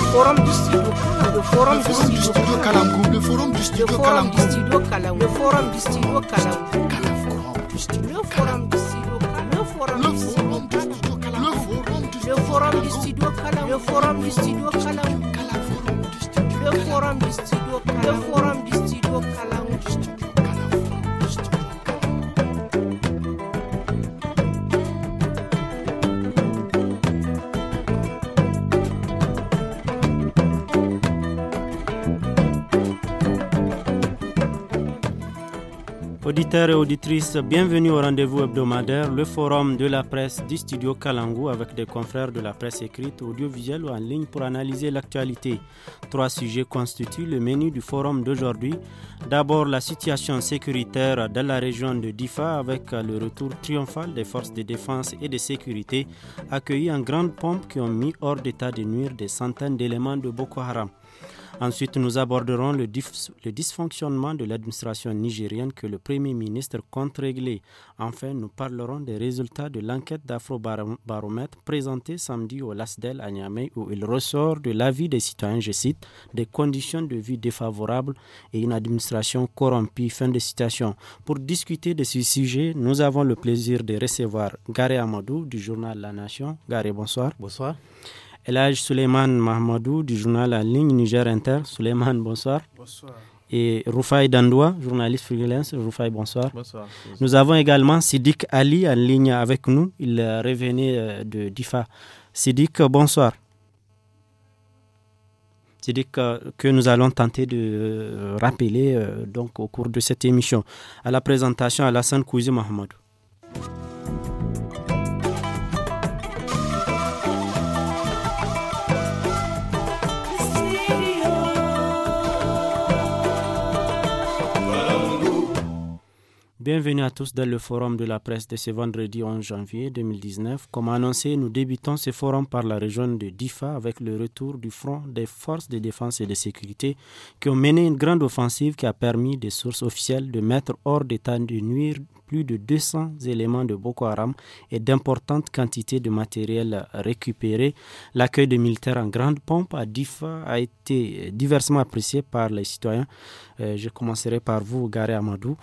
le forum du studio le forum studio le forum du studio le forum du studio le forum du studio le forum studio le forum studio le forum studio le forum studio le forum studio Auditeurs et auditrices, bienvenue au rendez-vous hebdomadaire, le forum de la presse du studio Kalangou avec des confrères de la presse écrite, audiovisuelle ou en ligne pour analyser l'actualité. Trois sujets constituent le menu du forum d'aujourd'hui. D'abord, la situation sécuritaire dans la région de Difa avec le retour triomphal des forces de défense et de sécurité accueillies en grande pompe qui ont mis hors d'état de nuire des centaines d'éléments de Boko Haram. Ensuite, nous aborderons le, dysfonctionnement de l'administration nigérienne que le Premier ministre compte régler. Enfin, nous parlerons des résultats de l'enquête d'Afrobaromètre présentée samedi au LASDEL à Niamey où il ressort de l'avis des citoyens, je cite, des conditions de vie défavorables et une administration corrompue. Fin de citation. Pour discuter de ce sujet, nous avons le plaisir de recevoir Gary Amadou du journal La Nation. Gary, bonsoir. Bonsoir. Elage Suleiman Mahmoudou du journal en Ligne Niger Inter. Suleiman, bonsoir. Bonsoir. Et Rufai Dandoua, journaliste freelance. bonsoir. Bonsoir. Nous avons également Sidik Ali en ligne avec nous. Il revenait euh, de DIFA. Sidik, bonsoir. Sidik, euh, que nous allons tenter de euh, rappeler donc, au cours de cette émission. À la présentation, Alassane Kouzi Mahmoudou. Bienvenue à tous dans le forum de la presse de ce vendredi 11 janvier 2019. Comme annoncé, nous débutons ce forum par la région de Difa avec le retour du front des forces de défense et de sécurité qui ont mené une grande offensive qui a permis des sources officielles de mettre hors d'état de nuire plus de 200 éléments de Boko Haram et d'importantes quantités de matériel récupéré. L'accueil des militaires en grande pompe à Difa a été diversement apprécié par les citoyens. Euh, je commencerai par vous, Garé Amadou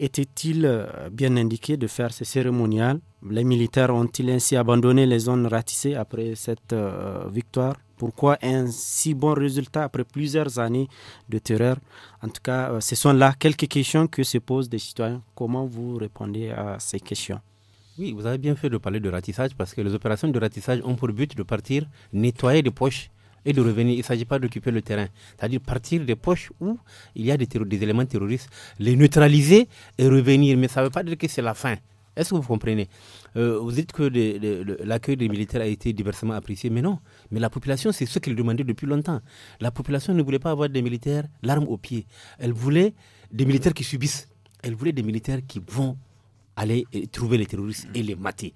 était-il euh, bien indiqué de faire ce cérémonial Les militaires ont-ils ainsi abandonné les zones ratissées après cette euh, victoire Pourquoi un si bon résultat après plusieurs années de terreur En tout cas, euh, ce sont là quelques questions que se posent des citoyens. Comment vous répondez à ces questions Oui, vous avez bien fait de parler de ratissage parce que les opérations de ratissage ont pour but de partir nettoyer les poches et de revenir. Il ne s'agit pas d'occuper le terrain. C'est-à-dire partir des poches où il y a des, éléments terroristes, les neutraliser et revenir. Mais ça ne veut pas dire que c'est la fin. Est-ce que vous comprenez euh, Vous dites que l'accueil des militaires a été diversement apprécié, mais non. Mais la population, c'est ce qu'elle demandait depuis longtemps. La population ne voulait pas avoir des militaires l'arme au pied. Elle voulait des militaires qui subissent. Elle voulait des militaires qui vont aller trouver les terroristes et les mater.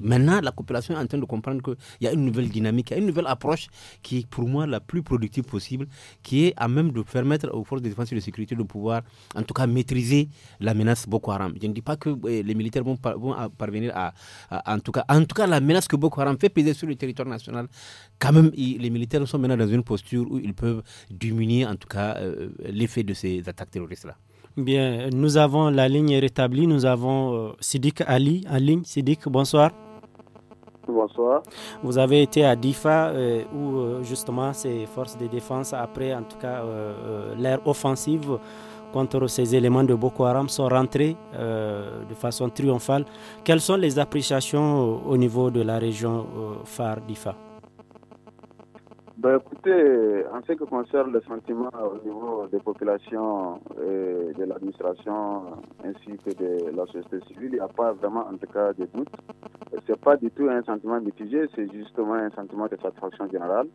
maintenant, la coopération est en train de comprendre qu'il y a une nouvelle dynamique, il y a une nouvelle approche qui est pour moi la plus productive possible, qui est à même de permettre aux forces de défense et de sécurité de pouvoir, en tout cas, maîtriser la menace Boko Haram. Je ne dis pas que euh, les militaires vont, euh, parvenir à, en tout cas, en tout cas, la menace que Boko Haram fait peser sur le territoire national, quand même, les militaires sont maintenant dans une posture où ils peuvent diminuer, en tout cas, euh, l'effet de ces attaques terroristes-là. Bien, nous avons la ligne rétablie. Nous avons euh, Sidik Ali en ligne. Sidik, bonsoir. Bonsoir. Vous avez été à Difa euh, où euh, justement ces forces de défense, après en tout cas euh, l'ère offensive contre ces éléments de Boko Haram, sont rentrés de façon triomphale. Quelles sont les appréciations au niveau de la région phare Difa bah, écoutez, en ce qui concerne le sentiment au niveau des populations, et euh, de l'administration ainsi que de la société civile, il n'y a pas vraiment en tout cas de doute. Ce n'est pas du tout un sentiment mitigé, c'est justement un sentiment de satisfaction générale.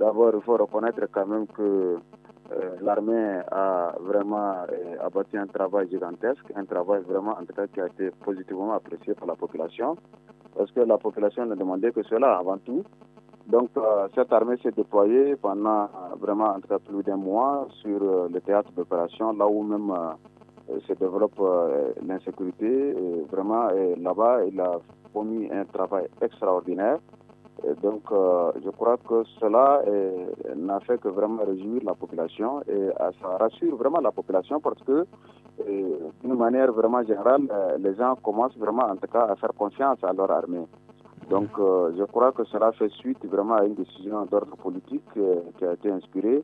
D'abord, il faut reconnaître quand même que euh, l'armée a vraiment euh, abattu un travail gigantesque, un travail vraiment en tout cas qui a été positivement apprécié par la population, parce que la population ne demandait que cela avant tout. Donc euh, cette armée s'est déployée pendant euh, vraiment plus d'un mois sur euh, le théâtre d'opération, là où même se développe l'insécurité. Vraiment là-bas, il a promis un travail extraordinaire. donc je crois que cela n'a fait que vraiment réjouir la population et ça rassure vraiment la population parce que d'une manière vraiment générale, les gens commencent vraiment en tout cas à faire confiance à leur armée. Donc euh, je crois que cela fait suite vraiment à une décision d'ordre politique euh, qui a été inspirée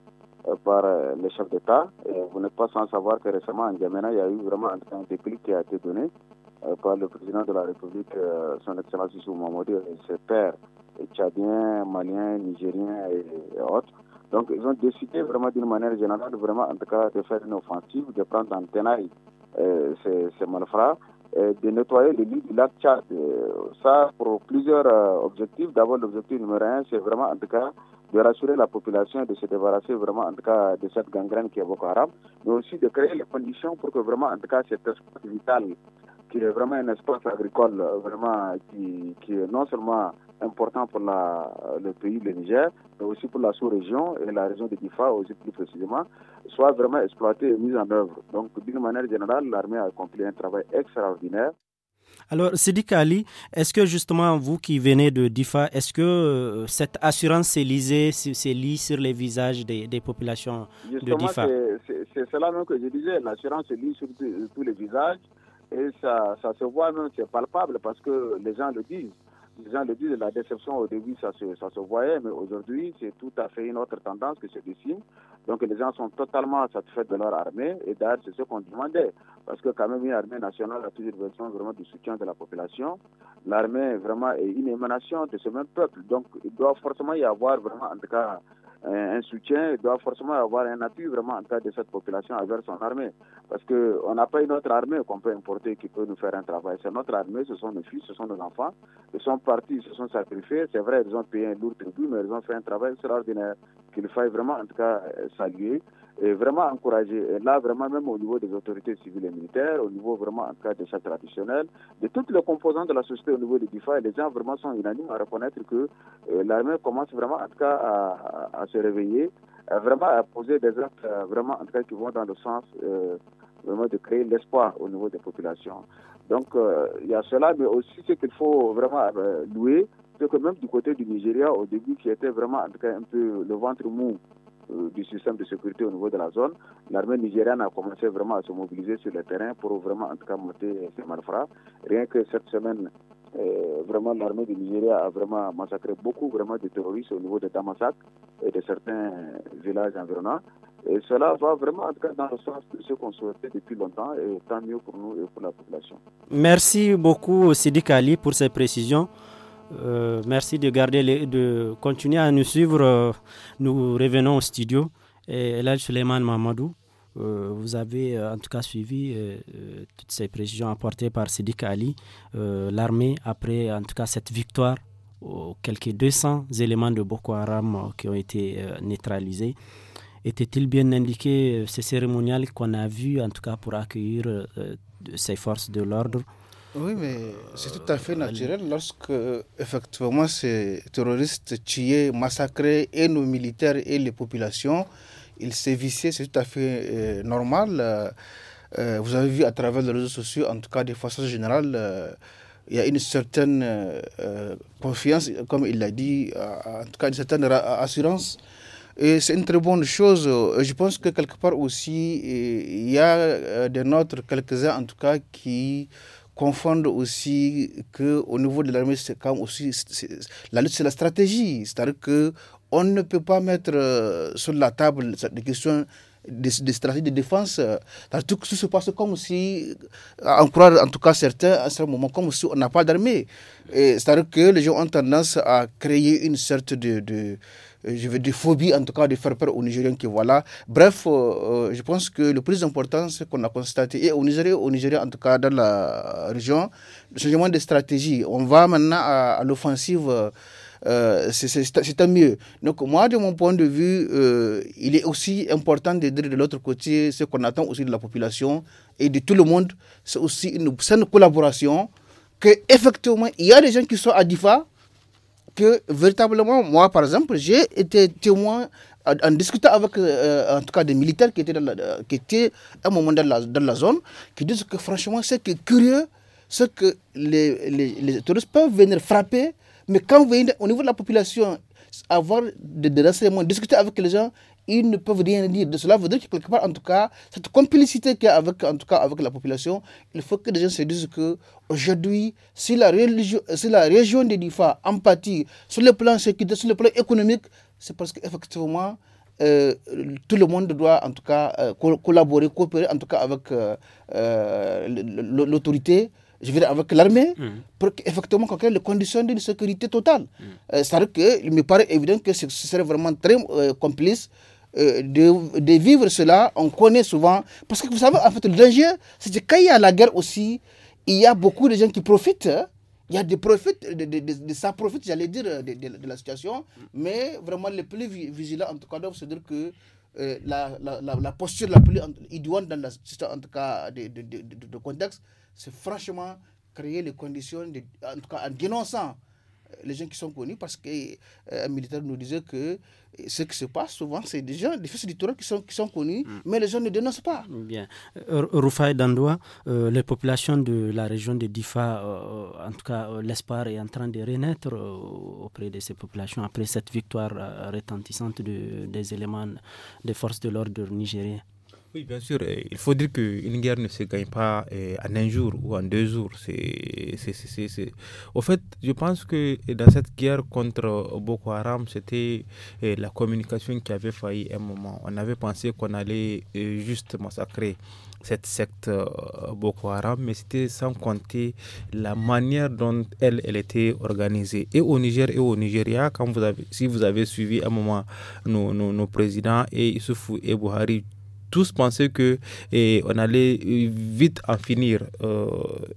euh, par les chefs d'État. Vous n'êtes pas sans savoir que récemment en Gamena, il y a eu vraiment un déclic qui a été donné par le président de la République, son Excellence Issou et ses pères tchadiens, maliens, nigériens et, autres. Donc ils ont décidé vraiment d'une manière générale, vraiment en tout cas, de faire une offensive, de prendre en tenaille ces malfrats euh, de nettoyer les lits du lac Tchad. Euh, ça, pour plusieurs euh, objectifs. D'abord, l'objectif numéro un, c'est vraiment, en tout cas, de rassurer la population de se débarrasser vraiment, en tout cas, de cette gangrène qui est Boko Haram, mais aussi de créer les conditions pour que vraiment, en tout cas, cet espace vital, qui est vraiment un espace agricole, vraiment, qui, est non seulement important pour le pays, le Niger, mais aussi pour la sous-région et la région de Difa aussi plus précisément, soit vraiment exploitée et mise en œuvre. Donc, d'une manière générale, l'armée a accompli un travail extraordinaire. Alors, Sidi Ali, est-ce que justement, vous qui venez de DIFA, est-ce que euh, cette assurance s'est lisée, lit sur les visages des, populations de DIFA C'est cela même que je disais, l'assurance se lit sur tous les visages et ça, ça se voit c'est palpable parce que les gens le disent les gens le disent, la déception au début, ça se, voyait, mais aujourd'hui, c'est tout à fait une autre tendance que se dessine. Donc les gens sont totalement satisfaits de leur armée, et d'ailleurs, c'est ce qu'on demandait, parce que quand même, une armée nationale a toujours besoin vraiment du soutien de la population. L'armée, vraiment, est une émanation de ce même peuple, donc il doit forcément y avoir vraiment, en tout cas, un soutien, doit forcément avoir un appui vraiment en cas de cette population envers son armée. Parce qu'on n'a pas une autre armée qu'on peut importer qui peut nous faire un travail. C'est notre armée, ce sont nos fils, ce sont nos enfants. Ils sont partis, ils se sont sacrifiés. C'est vrai, ils ont payé un lourd tribut, mais ils ont fait un travail extraordinaire qu'il faille vraiment en tout cas euh, saluer vraiment encourager, là vraiment même au niveau des autorités civiles et militaires, au niveau vraiment en cas de ça traditionnel, de toutes les composantes de la société au niveau des DIFA, les gens vraiment sont unanimes à reconnaître que euh, l'armée commence vraiment en tout cas à, se réveiller, à vraiment à poser des actes euh, vraiment en tout cas qui vont dans le sens euh, vraiment de créer l'espoir au niveau des populations. Donc il y a cela, mais aussi ce qu'il faut vraiment louer, c'est que même du côté du Nigeria, au début qui était vraiment en tout cas un peu le ventre mou euh, du système de sécurité au niveau de la zone, l'armée nigériane a commencé vraiment à se mobiliser sur le terrain pour vraiment en tout cas monter ces malfrats. Rien que cette semaine, euh, vraiment l'armée du Nigeria a vraiment massacré beaucoup vraiment de terroristes au niveau de Damasak et de certains villages environnants. Et cela va vraiment en tout cas dans le sens de ce qu'on souhaitait depuis longtemps et tant mieux pour nous et pour la population. Merci beaucoup Sidi Kali pour ces précisions. Euh, merci de garder de continuer à nous suivre. Euh, nous revenons au studio. Et là, Suleiman Mamadou, euh, vous avez en tout cas suivi toutes ces précisions apportées par Sidik Ali. L'armée, après en tout cas cette victoire, quelques 200 éléments de Boko Haram qui ont été neutralisés. Était-il bien indiqué ce cérémonial qu'on a vu, en tout cas pour accueillir ces forces de l'ordre oui, mais c'est tout à fait euh, naturel lorsque, effectivement, ces terroristes tuaient, massacraient et nos militaires et les populations. Ils sévissaient, c'est tout à fait euh, normal. Euh, vous avez vu à travers les réseaux sociaux, en tout cas de façon générale, il y a une certaine confiance, comme il l'a dit, en tout cas une certaine assurance. Et c'est une très bonne chose. Je pense que quelque part aussi, il y a des nôtres, quelques-uns en tout cas, qui confondre aussi que au niveau de l'armée, c'est quand aussi la lutte, c'est la stratégie. C'est-à-dire que on ne peut pas mettre euh, sur la table des questions de stratégie stratégies de défense. Tout, tout, se passe comme si, en croire en tout cas certains, à certain moment, comme si on n'a pas d'armée. C'est-à-dire que les gens ont tendance à créer une sorte de euh, je veux dire, phobie en tout cas de faire peur aux Nigériens qui voilà. Bref, euh, euh, je pense que le plus important, c'est qu'on a constaté, et au Nigeria, au Nigeria en tout cas dans la région, le changement de stratégie. On va maintenant à, l'offensive. c'est un mieux. Donc moi, de mon point de vue, il est aussi important de dire de l'autre côté ce qu'on attend aussi de la population et de tout le monde. C'est aussi une saine collaboration que effectivement il y a des gens qui sont à DIFA, que véritablement, moi par exemple, j'ai été témoin en, discutant avec euh, en tout cas des militaires qui étaient, dans euh, qui étaient à un moment dans la, dans la zone, qui disent que franchement, c'est que curieux, ce que les, les, touristes peuvent venir frapper, mais quand vous venez au niveau de la population, avoir des renseignements, discuter avec les gens, ils ne peuvent rien dire de cela. veut dire que quelque part, en tout cas, cette complicité qu'il y a avec, en tout cas, avec la population, il faut que les gens se disent que aujourd'hui, si la, religion, si la région des DIFA empathie sur le plan sécurité, sur le plan économique, c'est parce qu'effectivement, euh, tout le monde doit en tout cas euh, collaborer, coopérer en tout cas avec euh, l'autorité je veux dire, avec l'armée, mm. pour effectivement qu'on crée les conditions d'une sécurité totale. Mm. Euh, c'est-à-dire qu'il me paraît évident que ce, serait vraiment très euh, complice euh, de, vivre cela. On connaît souvent. Parce que vous savez, en fait, le danger, c'est que quand il y a la guerre aussi, il y a beaucoup de gens qui profitent. Hein. il y a des profits, de, ça profite, j'allais dire, de, la situation. Mm. Mais vraiment, les plus vigilants, en tout cas, doivent se dire que la, la, posture la plus idoine dans la situation, en tout cas, de contexte, c'est franchement créer les conditions, de, en tout cas en dénonçant euh, les gens qui sont connus, parce qu'un euh, militaire nous disait que euh, ce qui se passe souvent, c'est des gens, des fils du qui sont, qui sont connus, mm. mais les gens ne dénoncent pas. Bien. Roufaï Dandoua, les populations de la région de Difa, en tout cas, l'espoir est en train de renaître auprès de ces populations après cette victoire retentissante de, des éléments des forces de l'ordre nigériens. Oui, bien sûr. Il faut dire qu'une guerre ne se gagne pas eh, en un jour ou en deux jours. C'est, c'est, Au fait, je pense que dans cette guerre contre Boko Haram, c'était eh, la communication qui avait failli un moment. On avait pensé qu'on allait eh, juste massacrer cette secte euh, Boko Haram, mais c'était sans compter la manière dont elle, elle était organisée. Et au Niger et au Nigeria, vous avez, si vous avez suivi un moment nos, nos, nos présidents et Issoufou et Buhari tous pensaient que on allait vite en finir. Euh,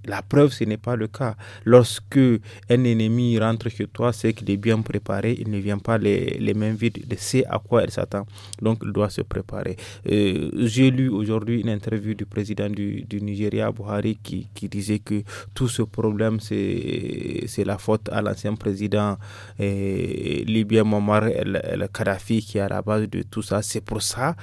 la preuve, ce n'est pas le cas. Lorsque un ennemi rentre chez toi, c'est qu'il est bien préparé, il ne vient pas les, les mains vides, il sait à quoi il s'attend, donc il doit se préparer. Euh, j'ai lu aujourd'hui une interview du président du, Nigeria, Buhari, qui, qui, disait que tout ce problème, c'est la faute à l'ancien président libyen Momar le kadhafi qui est à la base de tout ça. C'est pour ça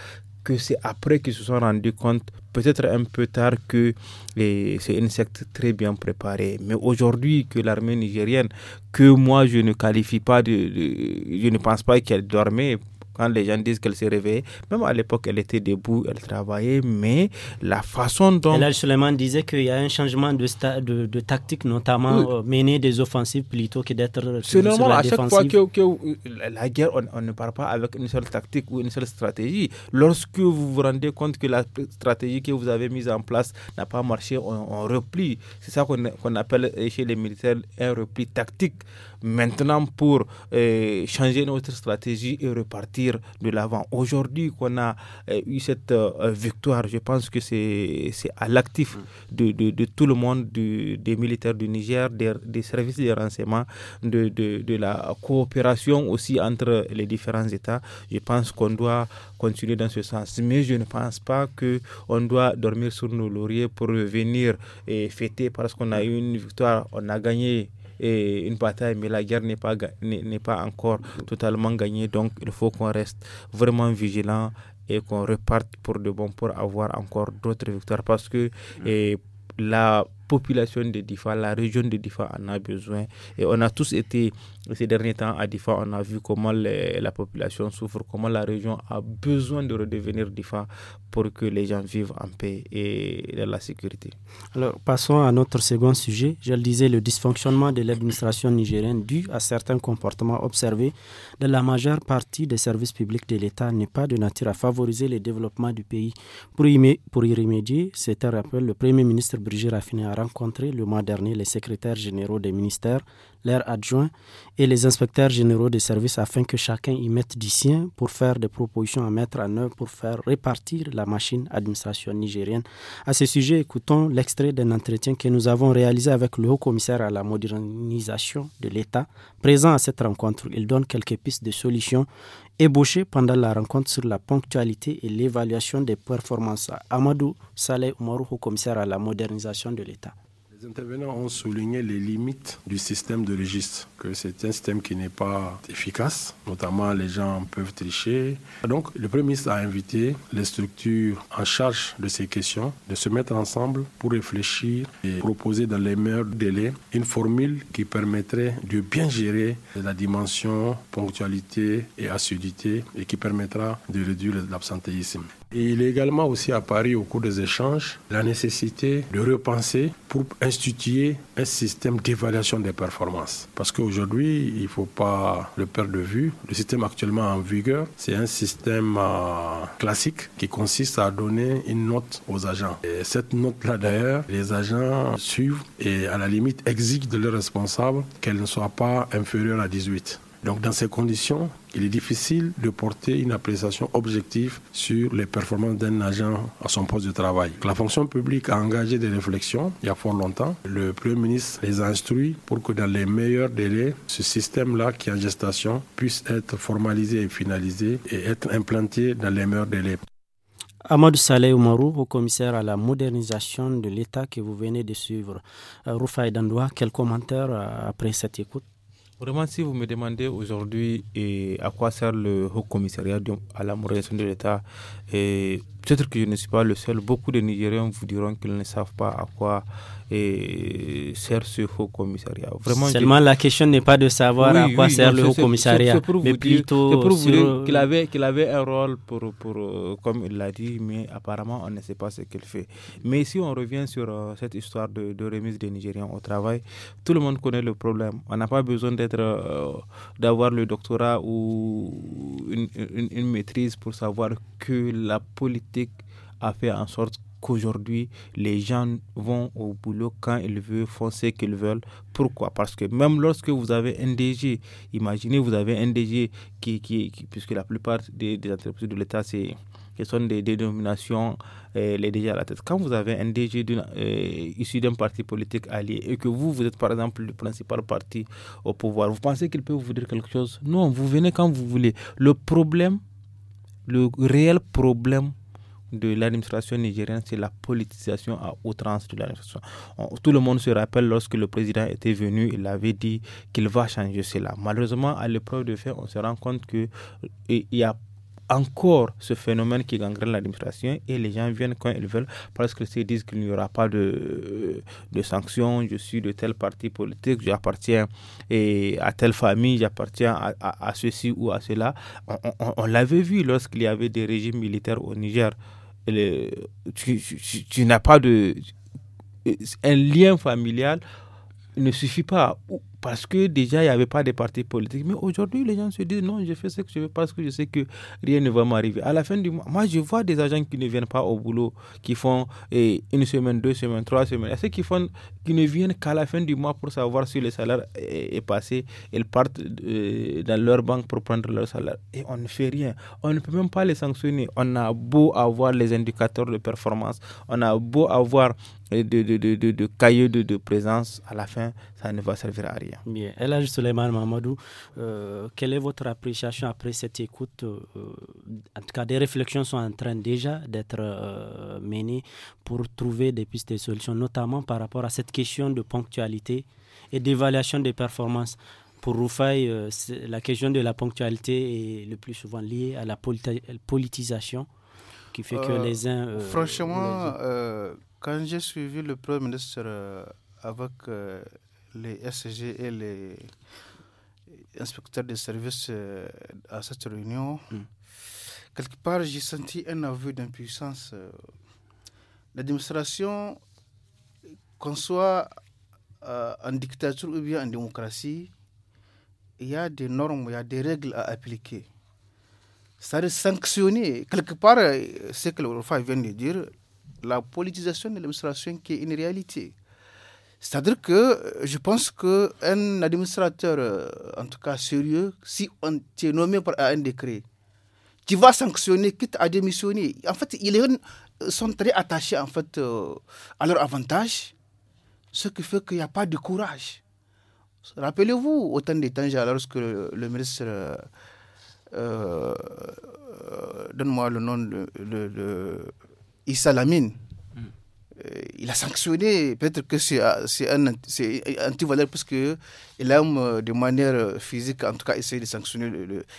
que c'est après qu'ils se sont rendus compte, peut-être un peu tard, que eh, c'est une secte très bien préparée. Mais aujourd'hui, que l'armée nigérienne, que moi je ne qualifie pas, de, je ne pense pas qu'elle dormait, quand les gens disent qu'elle s'est réveillée, même à l'époque, elle était debout, elle travaillait, mais la façon dont. Elle Suleiman disait qu'il y a un changement de, de, tactique, notamment euh, mener des offensives plutôt que d'être. C'est normal, à chaque fois que, la guerre, on, ne part pas avec une seule tactique ou une seule stratégie. Lorsque vous vous rendez compte que la stratégie que vous avez mise en place n'a pas marché, on, replie. C'est ça qu'on appelle chez les militaires un repli tactique. Maintenant, pour euh, changer notre stratégie et repartir de l'avant. Aujourd'hui qu'on a euh, eu cette euh, victoire, je pense que c'est à l'actif de, de, tout le monde, des militaires du Niger, des, services de renseignement, de, de, la coopération aussi entre les différents États. Je pense qu'on doit continuer dans ce sens. Mais je ne pense pas qu'on doit dormir sur nos lauriers pour venir et fêter parce qu'on a eu une victoire, on a gagné et une bataille, mais la guerre n'est pas, n'est pas encore totalement gagnée. Donc, il faut qu'on reste vraiment vigilant et qu'on reparte pour de bon pour avoir encore d'autres victoires parce que mm. et la population de Difa, la région de Difa en a besoin. Et on a tous été, ces derniers temps, à Difa, on a vu comment la population souffre, comment la région a besoin de redevenir Difa pour que les gens vivent en paix et dans la sécurité. Alors, passons à notre second sujet. Je le disais, le dysfonctionnement de l'administration nigérienne dû à certains comportements observés de la majeure partie des services publics de l'État n'est pas de nature à favoriser le développement du pays. Pour y, remédier, c'est un rappel, le Premier ministre Brigitte Raffiné rencontrer le mois dernier les secrétaires généraux des ministères, leurs adjoints et les inspecteurs généraux des services afin que chacun y mette du sien pour faire des propositions à mettre en œuvre pour faire répartir la machine administration nigérienne. À ce sujet, écoutons l'extrait d'un entretien que nous avons réalisé avec le haut-commissaire à la modernisation de l'État. Présent à cette rencontre, il donne quelques pistes de solutions ébauché pendant la rencontre sur la ponctualité et l'évaluation des performances. Amadou Saleh Oumarou, commissaire à la modernisation de l'État. Les intervenants ont souligné les limites du système de registre, que c'est un système qui n'est pas efficace, notamment les gens peuvent tricher. Donc le Premier ministre a invité les structures en charge de ces questions de se mettre ensemble pour réfléchir et proposer dans les meilleurs délais une formule qui permettrait de bien gérer la dimension ponctualité et assiduité et qui permettra de réduire l'absentéisme il est également aussi apparu au cours des échanges la nécessité de repenser pour instituer un système d'évaluation des performances. Parce qu'aujourd'hui, il ne faut pas le perdre de vue. Le système actuellement en vigueur, c'est un système euh, classique qui consiste à donner une note aux agents. Et cette note-là, d'ailleurs, les agents suivent et à la limite exigent de leurs responsables qu'elle ne soit pas inférieure à 18. Donc dans ces conditions, il est difficile de porter une appréciation objective sur les performances d'un agent à son poste de travail. La fonction publique a engagé des réflexions il y a fort longtemps. Le Premier ministre les a instruits pour que dans les meilleurs délais, ce système-là qui est en gestation puisse être formalisé et finalisé et être implanté dans les meilleurs délais. Amadou Saleh Oumarou, au commissaire à la modernisation de l'État que vous venez de suivre. Euh, Roufaï Dandoua, quel commentaire euh, après cette écoute Vraiment, si vous me demandez aujourd'hui eh, à quoi sert le Haut Commissariat à la modération de l'État eh, peut-être que je ne suis pas le seul, beaucoup de Nigériens vous diront qu'ils ne savent pas à quoi eh, sert ce haut commissariat. Vraiment, Seulement la question n'est pas de savoir à quoi sert le haut commissariat, mais plutôt qu'il avait, qu'il avait un rôle pour, pour euh, comme il l'a dit, mais apparemment on ne sait pas ce qu'il fait. Mais si on revient sur euh, cette histoire de, remise des Nigériens au travail, tout le monde connaît le problème. On n'a pas besoin d'être, euh, d'avoir le doctorat ou une, une maîtrise pour savoir que la politique a fait en sorte qu'aujourd'hui, les gens vont au boulot quand ils veulent, font ce qu'ils veulent. Pourquoi Parce que même lorsque vous avez un DG, imaginez, vous avez un DG qui, qui, puisque la plupart des, entreprises de l'État, c'est sont des dénominations, euh, les DG à la tête. Quand vous avez un DG euh, issu d'un parti politique allié et que vous, vous êtes par exemple le principal parti au pouvoir, vous pensez qu'il peut vous dire quelque chose Non, vous venez quand vous voulez. Le problème, le réel problème de l'administration nigérienne, c'est la politisation à outrance de l'administration. Tout le monde se rappelle lorsque le président était venu, il avait dit qu'il va changer cela. Malheureusement, à l'épreuve de fait, on se rend compte qu'il y a encore ce phénomène qui gangrène l'administration et les gens viennent quand ils veulent parce qu'ils se disent qu'il n'y aura pas de, de sanctions, je suis de tel parti politique, j'appartiens à telle famille, j'appartiens à, ceci ou à cela. on, on l'avait vu lorsqu'il y avait des régimes militaires au Niger tu, n'as pas de... Un lien familial ne suffit pas parce que déjà, il n'y avait pas de parti politique. Mais aujourd'hui, les gens se disent non, je fais ce que je veux parce que je sais que rien ne va m'arriver. À la fin du mois, moi, je vois des agents qui ne viennent pas au boulot, qui font eh, une semaine, deux semaines, trois semaines. ceux qui, font, qui ne viennent qu'à la fin du mois pour savoir si le salaire est, passé, ils partent euh, dans leur banque pour prendre leur salaire. Et on ne fait rien. On ne peut même pas les sanctionner. On a beau avoir les indicateurs de performance, on a beau avoir eh, de, de, de, de, cahiers de présence à la fin, ça ne va servir à rien. Bien. Elhaj Suleiman Mamadou, euh, quelle est votre appréciation après cette écoute euh, En tout cas, des réflexions sont en train déjà d'être euh, menées pour trouver des pistes de solutions, notamment par rapport à cette question de ponctualité et d'évaluation des performances. Pour Roufaï, la question de la ponctualité est le plus souvent liée à la politisation qui fait que les uns... franchement, quand j'ai suivi le Premier ministre avec les SG et les inspecteurs des services euh, à cette réunion, hmm. quelque part, j'ai senti un aveu d'impuissance. Euh, l'administration, qu'on soit euh, en dictature ou bien en démocratie, il y a des normes, il y a des règles à appliquer. Ça veut sanctionner, quelque part, ce que le vient de dire, la politisation de l'administration qui est une réalité. C'est-à-dire que euh, je pense qu'un administrateur, euh, en tout cas sérieux, si on est nommé par un décret, tu vas sanctionner, quitte à démissionner. En fait, ils euh, sont très attachés en fait, à leur avantage, ce qui fait qu'il n'y a pas de courage. Rappelez-vous, au temps des temps, lorsque le, ministre, donne-moi le nom, de Issa Lamine, euh, il a sanctionné. Peut-être que c'est euh, anti-valeur puisque il l'homme, euh, de manière physique, en tout cas, essayer de sanctionner.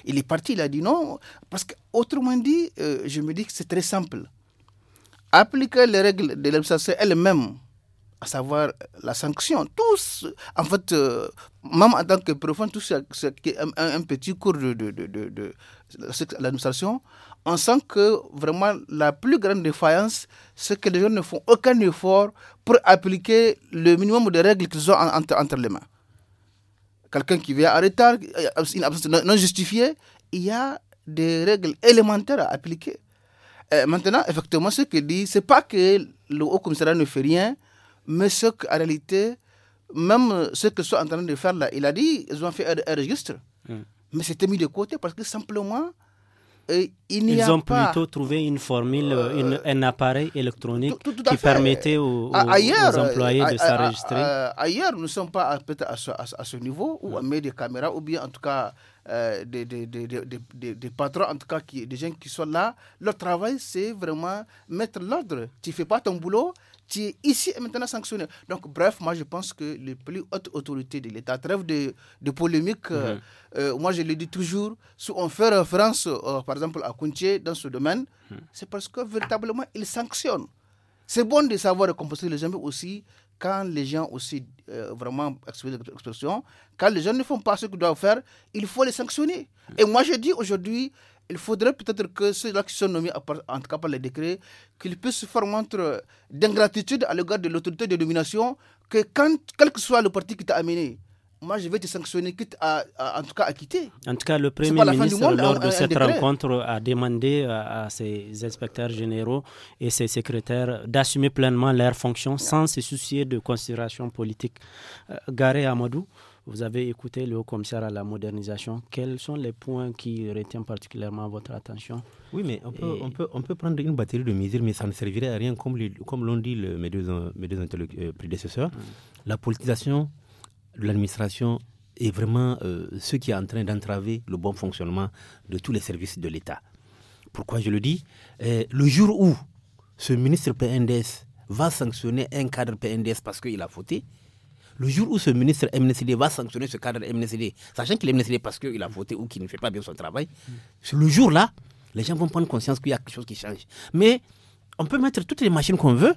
Il est parti, il a dit non. Parce que, autrement dit, je me dis que c'est très simple. Appliquer les règles de l'administration elle-même, à savoir la sanction, tous, en fait, même en tant que profond, tout ce un, petit cours de, de, de, de l'administration, on sent que vraiment la plus grande défaillance, c'est que les gens ne font aucun effort pour appliquer le minimum de règles qu'ils ont entre, les mains. Quelqu'un qui vient en retard, euh, une absence non, justifiée, il y a des règles élémentaires à appliquer. Et euh, maintenant, effectivement, ce que dit, c'est pas que le haut commissariat ne fait rien, mais ce qu'en réalité, même ce qu'ils sont en train de faire là, il a dit, ils ont fait un, registre. Hum. Mais c'était mis de côté parce que simplement, euh, il Ils ont pas... plutôt trouvé une formule, euh, un appareil électronique qui permettait aux, employés de s'enregistrer. Ailleurs, nous ne sommes pas peut-être à, ce niveau où on met des caméras ou bien en tout cas euh, des, patrons, en tout cas qui, des gens qui sont là. Leur travail, c'est vraiment mettre l'ordre. Tu ne fais pas ton boulot, qui est ici et maintenant sanctionné. Donc, bref, moi, je pense que les plus hautes autorités de l'État, trêve de, de polémique, euh, euh, moi, je le dis toujours, si on fait référence, euh, par exemple, à Kuntier dans ce domaine, c'est parce que véritablement, ils sanctionnent. C'est bon de savoir récompenser les gens, mais aussi quand les gens aussi vraiment expriment l'expression, quand les gens ne font pas ce qu'ils doivent faire, il faut les sanctionner. Et moi, je dis aujourd'hui, il faudrait peut-être que ceux-là qui sont nommés, en tout cas par les décrets, qu'ils puissent faire montre d'ingratitude à l'égard de l'autorité de domination, que quand, quel que soit le parti qui t'a amené, moi je vais te sanctionner, quitte à, en tout cas à quitter. En tout cas, le Premier ministre, lors de cette rencontre, a demandé euh, à, ses inspecteurs généraux et ses secrétaires d'assumer pleinement leurs fonctions sans se soucier de considérations politiques. Euh, Garé Amadou, vous avez écouté le haut commissaire à la modernisation. Quels sont les points qui retiennent particulièrement votre attention Oui, mais on peut, on peut, prendre une batterie de mesures, mais ça ne servirait à rien, comme, l'ont dit mes deux, euh, prédécesseurs. Mm. La politisation de l'administration est vraiment euh, ce qui est en train d'entraver le bon fonctionnement de tous les services de l'État. Pourquoi je le dis euh, Le jour où ce ministre PNDS va sanctionner un cadre PNDS parce qu'il a fauté, le jour où ce ministre MNCD va sanctionner ce cadre MNCD, sachant qu'il est MNCD parce qu'il a voté ou qu'il ne fait pas bien son travail, le jour-là, les gens vont prendre conscience qu'il y a quelque chose qui change. Mais on peut mettre toutes les machines qu'on veut,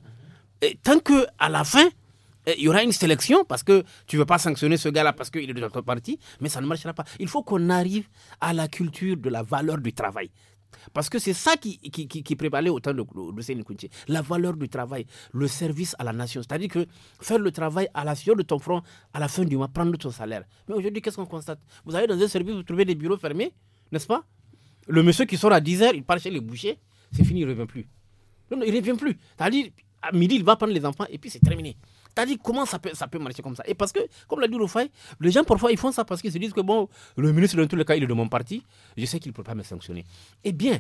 tant qu'à la fin, eh, il y aura une sélection parce que tu ne veux pas sanctionner ce gars-là parce qu'il est de notre parti, mais ça ne marchera pas. Il faut qu'on arrive à la culture de la valeur du travail. Parce que c'est ça qui, qui, prévalait autant de de La valeur du travail, le service à la nation. C'est-à-dire que faire le travail à la sueur de ton front, à la fin du mois, prendre ton salaire. Mais aujourd'hui, qu'est-ce qu'on constate Vous allez dans un service, vous trouvez des bureaux fermés, n'est-ce pas Le monsieur qui sort à 10h, il part chez les bouchers, c'est fini, il ne revient plus. Non, non il ne revient plus. C'est-à-dire, à midi, il va prendre les enfants et puis c'est terminé. T'as dit comment ça peut, marcher comme ça Et parce que, comme l'a dit Rufai, les gens parfois ils font ça parce qu'ils se disent que bon, le ministre dans tous les cas il est de mon parti, je sais qu'il ne peut pas me sanctionner. Eh bien,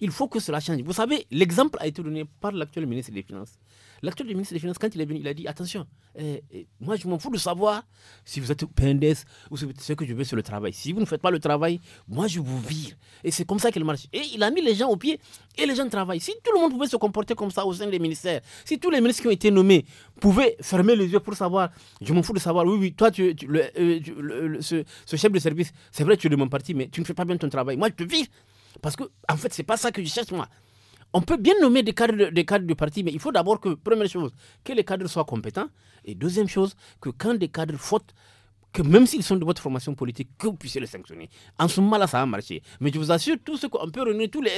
il faut que cela change. Vous savez, l'exemple a été donné par l'actuel ministre des Finances. L'actuel ministre des Finances, quand il est venu, il a dit attention, eh, eh, moi je m'en fous de savoir si vous êtes PNDS ou ce que je veux sur le travail. Si vous ne faites pas le travail, moi je vous vire. Et c'est comme ça qu'elle marche. Et il a mis les gens au pied et les gens travaillent. Si tout le monde pouvait se comporter comme ça au sein des ministères, si tous les ministres qui ont été nommés pouvaient fermer les yeux pour savoir, je m'en fous de savoir, oui, oui, toi, tu, euh, ce, chef de service, c'est vrai, tu es de mon parti, mais tu ne fais pas bien ton travail. Moi je te vire. Parce que, en fait, n'est pas ça que je cherche, moi. On peut bien nommer des cadres, des cadres du parti, mais il faut d'abord que, première chose, que les cadres soient compétents. Et deuxième chose, que quand des cadres faute, que même s'ils sont de votre formation politique, que vous puissiez les sanctionner. En ce moment-là, ça a marché, Mais je vous assure, tout ce qu'on peut réunir, tous les,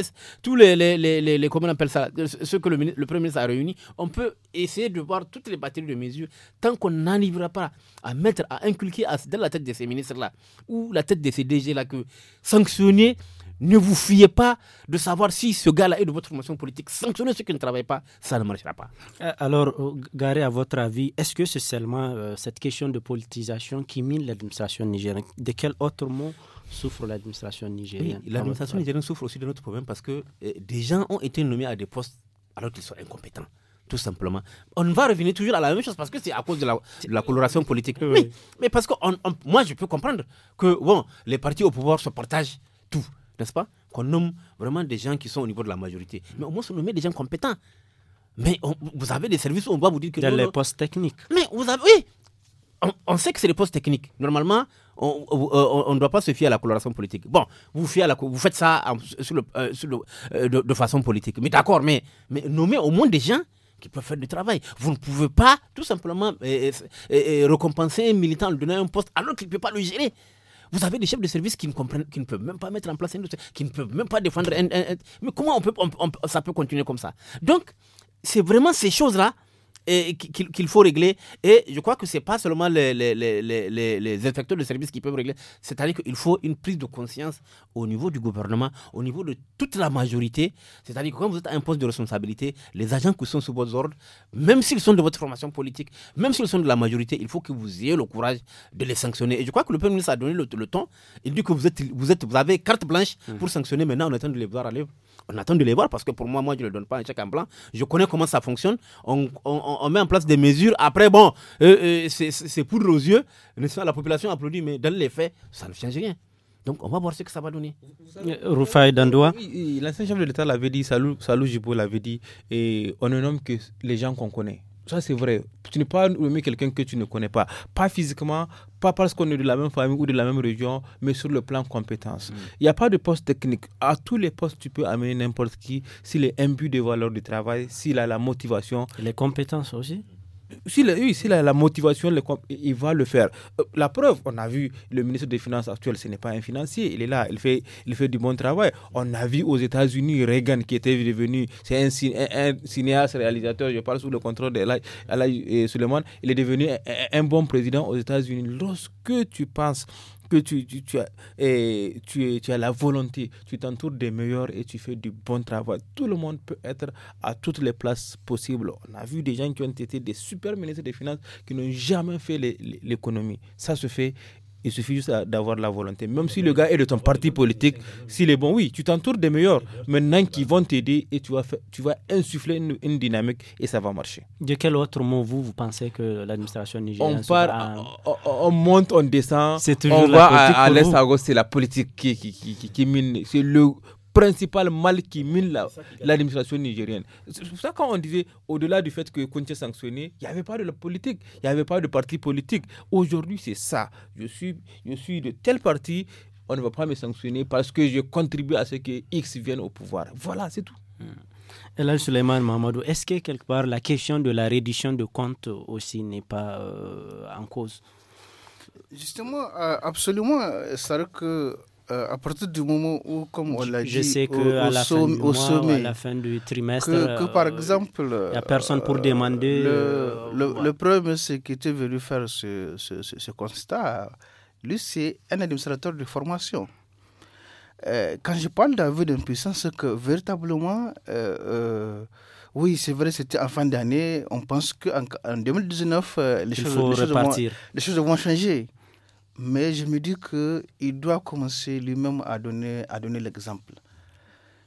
tous les, les, les, comment on appelle ça, euh, ce que le, Premier ministre a réuni, on peut essayer de voir toutes les batteries de mesures tant qu'on n'arrivera pas à mettre, à inculquer à, dans la tête de ces ministres-là, ou la tête de ces DG-là, que sanctionner ne vous fiez pas de savoir si ce gars-là est de votre formation politique. Sanctionnez ceux qui ne travaillent pas, ça ne marchera pas. Euh, alors, euh, Garé, à votre avis, est-ce que c'est seulement euh, cette question de politisation qui mine l'administration nigérienne De quel autre mot souffre l'administration nigérienne L'administration nigérienne souffre aussi de notre problème parce que eh, des gens ont été nommés à des postes alors qu'ils sont incompétents tout simplement. On va revenir toujours à la même chose parce que c'est à cause de la, coloration politique. Mais, parce que moi, je peux comprendre que bon, les partis au pouvoir se partagent tout n'est-ce pas Qu'on nomme vraiment des gens qui sont au niveau de la majorité. Mais au moins, on nomme des gens compétents. Mais vous avez des services où on doit vous dire que. Dans les postes techniques. Mais vous avez. Oui on, sait que c'est les postes techniques. Normalement, on ne euh, doit pas se fier à la coloration politique. Bon, vous, fiez à vous faites ça euh, sur euh, de, façon politique. Mais d'accord, mais, mais nommez au moins des gens qui peuvent faire du travail. Vous ne pouvez pas tout simplement récompenser un militant, lui donner un poste alors qu'il ne peut pas le gérer. Vous avez des chefs de service qui ne comprennent, qui ne peuvent même pas mettre en place un autre, qui ne peuvent même pas défendre un, mais comment on peut, ça peut continuer comme ça Donc, c'est vraiment ces choses-là et qu'il faut régler. Et je crois que c'est pas seulement les, les, de services qui peuvent régler. C'est-à-dire qu'il faut une prise de conscience au niveau du gouvernement, au niveau de toute la majorité. C'est-à-dire que quand vous êtes à un poste de responsabilité, les agents qui sont sous votre ordre, même s'ils sont de votre formation politique, même s'ils sont de la majorité, il faut que vous ayez le courage de les sanctionner. Et je crois que le Premier ministre a donné le, temps. Il dit que vous, êtes, vous, êtes, vous avez carte blanche mmh. pour sanctionner. Maintenant, on est en train de les voir aller on attend de les voir parce que pour moi, moi, je ne le donne pas un chèque en blanc. Je connais comment ça fonctionne. On, met en place des mesures. Après, bon, euh, euh, c'est pour nos yeux. La population applaudit, mais dans les faits, ça ne change rien. Donc, on va voir ce que ça va donner. Euh, Rufai Dandoua. L'ancien chef de l'État l'avait dit, Salou, Salou l'avait dit, et on ne nomme que les gens qu'on connaît. Ça, c'est vrai. Tu n'es pas aimer quelqu'un que tu ne connais pas. Pas physiquement, pas parce qu'on est de la même famille ou de la même région, mais sur le plan compétence. Mm. Il n'y a pas de poste technique. À tous les postes, tu peux amener n'importe qui s'il est imbu de valeur du travail, s'il a la motivation. les compétences aussi si la, la, motivation, le, il va le faire. Euh, la preuve, on a vu le ministre des Finances actuel, ce n'est pas un financier, il est là, il fait, il fait du bon travail. On a vu aux États-Unis Reagan qui était devenu, c'est un, cinéaste, réalisateur, je parle sous le contrôle d'Alain euh, Suleiman, il est devenu un, un bon président aux États-Unis. Lorsque tu penses que tu, tu, as, et tu, tu as la volonté, tu t'entoures des meilleurs et tu fais du bon travail. Tout le monde peut être à toutes les places possibles. On a vu des gens qui ont été des super ministres des Finances qui n'ont jamais fait l'économie. Ça se fait il suffit juste d'avoir la volonté. Même si le gars est de ton parti politique, s'il est bon, oui, tu t'entoures des meilleurs maintenant qui vont t'aider et tu vas, tu vas insuffler une, dynamique et ça va marcher. De quel autre mot, vous, vous pensez que l'administration nigerienne On part, on, monte, on descend, C'est toujours à, l'est, à gauche, c'est la politique qui, qui mine. C'est le principal mal qui mine l'administration nigérienne. C'est pour ça qu'on disait, au-delà du fait que est sanctionné, il n'y avait pas de politique, il n'y avait pas de parti politique. Aujourd'hui, c'est ça. Je suis, je suis de tel parti, on ne va pas me sanctionner parce que je contribue à ce que X vienne au pouvoir. Voilà, c'est tout. Hmm. Elan Suleiman Mamadou, est-ce que quelque part la question de la reddition de comptes aussi n'est pas euh, en cause Justement, euh, absolument. Euh, c'est vrai que euh, à partir du moment où, comme on l'a dit, je sais que au, à la sommet, la fin du trimestre, que, par exemple, il n'y a personne pour euh, demander. Le, euh, premier, c'est qui était venu faire ce, constat, lui, c'est un administrateur de formation. quand je parle d'aveu d'impuissance, c'est que véritablement, oui, c'est vrai, c'était en fin d'année. On pense qu'en en, 2019, les, choses, les choses vont changer. Mais je me dis qu'il doit commencer lui-même à donner, à donner l'exemple.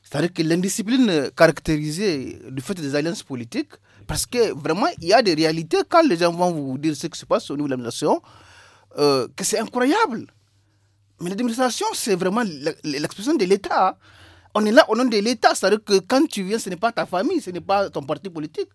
C'est-à-dire que l'indiscipline caractérisée du fait des alliances politiques, parce que vraiment, il y a des réalités quand les gens vont vous dire ce qui se passe au niveau de l'administration, euh, que c'est incroyable. Mais l'administration, c'est vraiment l'expression de l'État. On est là au nom de l'État, c'est-à-dire que quand tu viens, ce n'est pas ta famille, ce n'est pas ton parti politique.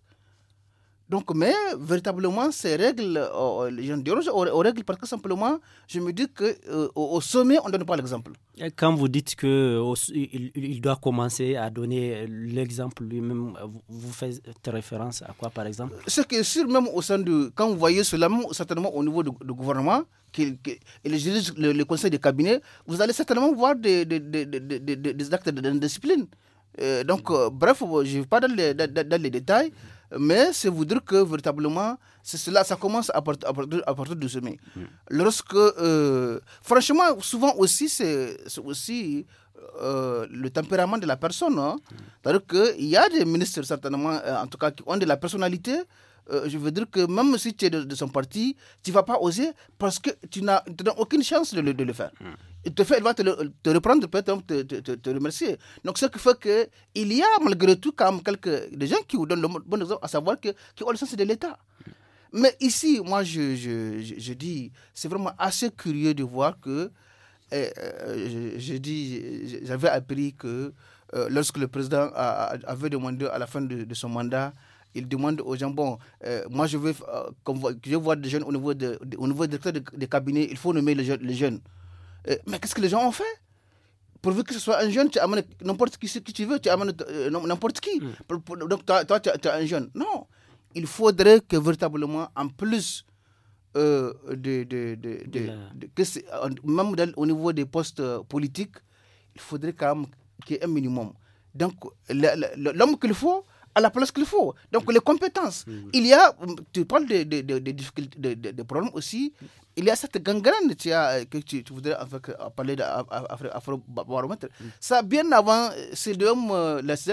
Donc, mais véritablement, ces règles, euh, euh, je aux, règles parce que simplement, je me dis que euh, au sommet, on ne donne pas l'exemple. Quand vous dites qu'il il doit commencer à donner l'exemple lui-même, vous faites référence à quoi, par exemple C'est que sur même au sein du... Quand vous voyez cela, certainement au niveau du, gouvernement, les conseils le, conseil de cabinet, vous allez certainement voir des, des, des, des actes d'indiscipline. donc, bref, je ne vais pas les, dans les détails. Mais c'est vous dire que véritablement, c'est cela, ça commence à partir, à partir, à du sommet. Lorsque, euh, franchement, souvent aussi, c'est aussi euh, le tempérament de la personne. Hein. il y a des ministres, certainement, euh, en tout cas, qui ont de la personnalité. je veux dire que même si tu es de, son parti, tu ne vas pas oser parce que tu n'as aucune chance de le, de le faire il fait, va te, reprendre, peut-être te, remercier. Donc, ce qui fait qu'il y a malgré tout quand quelques des gens qui vous donnent le bon exemple, à savoir que, qui ont le sens de l'État. Mais ici, moi, je, dis, c'est vraiment assez curieux de voir que, euh, euh, je, dis, j'avais appris que euh, lorsque le président avait demandé à la fin de, son mandat, il demande aux gens, bon, moi je veux, voir je vois des jeunes au niveau, de, au niveau des de, cabinet, il faut nommer Les jeunes. Euh, mais qu'est-ce que les gens ont fait pourvu que ce soit un jeune, tu amènes n'importe qui ce tu veux, tu amènes euh, n'importe qui. Mm. Donc toi, tu es un jeune. Non, il faudrait que véritablement, en plus euh, de, même au niveau des postes politiques, il faudrait quand même qu'il y ait un minimum. Donc l'homme qu'il faut à la place qu'il faut. Donc mm. les compétences. Mm. Il y a, tu parles des de, difficultés, des problèmes aussi, il y a cette gangrène que tu, voudrais parler dafro Ça, bien avant, c'est de